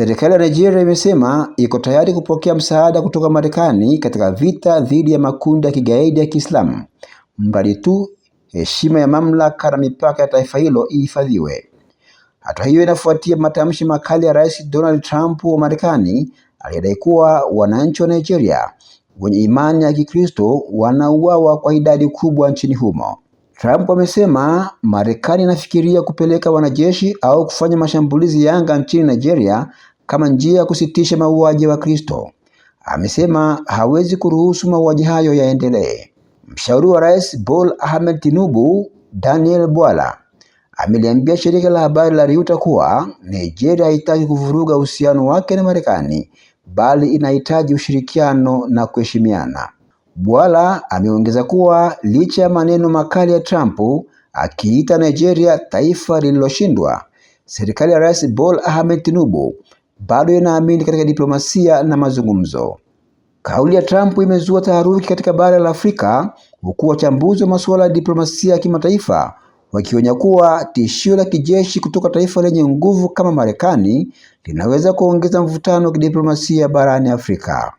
Serikali ya Nigeria imesema iko tayari kupokea msaada kutoka Marekani katika vita dhidi ya makundi ya kigaidi ya Kiislamu, mradi tu heshima ya mamlaka na mipaka ya taifa hilo ihifadhiwe. Hatua hiyo inafuatia matamshi makali ya Rais Donald Trump wa Marekani aliyedai kuwa wananchi wa Nigeria wenye imani ya Kikristo wanauawa kwa idadi kubwa nchini humo. Trump amesema Marekani inafikiria kupeleka wanajeshi au kufanya mashambulizi ya anga nchini Nigeria kama njia ya kusitisha mauaji ya Wakristo. Amesema hawezi kuruhusu mauaji hayo yaendelee. Mshauri wa Rais Paul Ahmed Tinubu, Daniel Bwala, ameliambia shirika la habari la Reuters kuwa Nigeria haitaki kuvuruga uhusiano wake na Marekani bali inahitaji ushirikiano na kuheshimiana. Bwala ameongeza kuwa licha ya maneno makali ya Trump akiita Nigeria taifa lililoshindwa, serikali ya Rais Paul Ahmed Tinubu bado yanaamini katika diplomasia na mazungumzo. Kauli ya Trump imezua taharuki katika bara la Afrika, huku wachambuzi wa masuala ya diplomasia ya kimataifa wakionya kuwa tishio la kijeshi kutoka taifa lenye nguvu kama Marekani linaweza kuongeza mvutano wa kidiplomasia barani Afrika.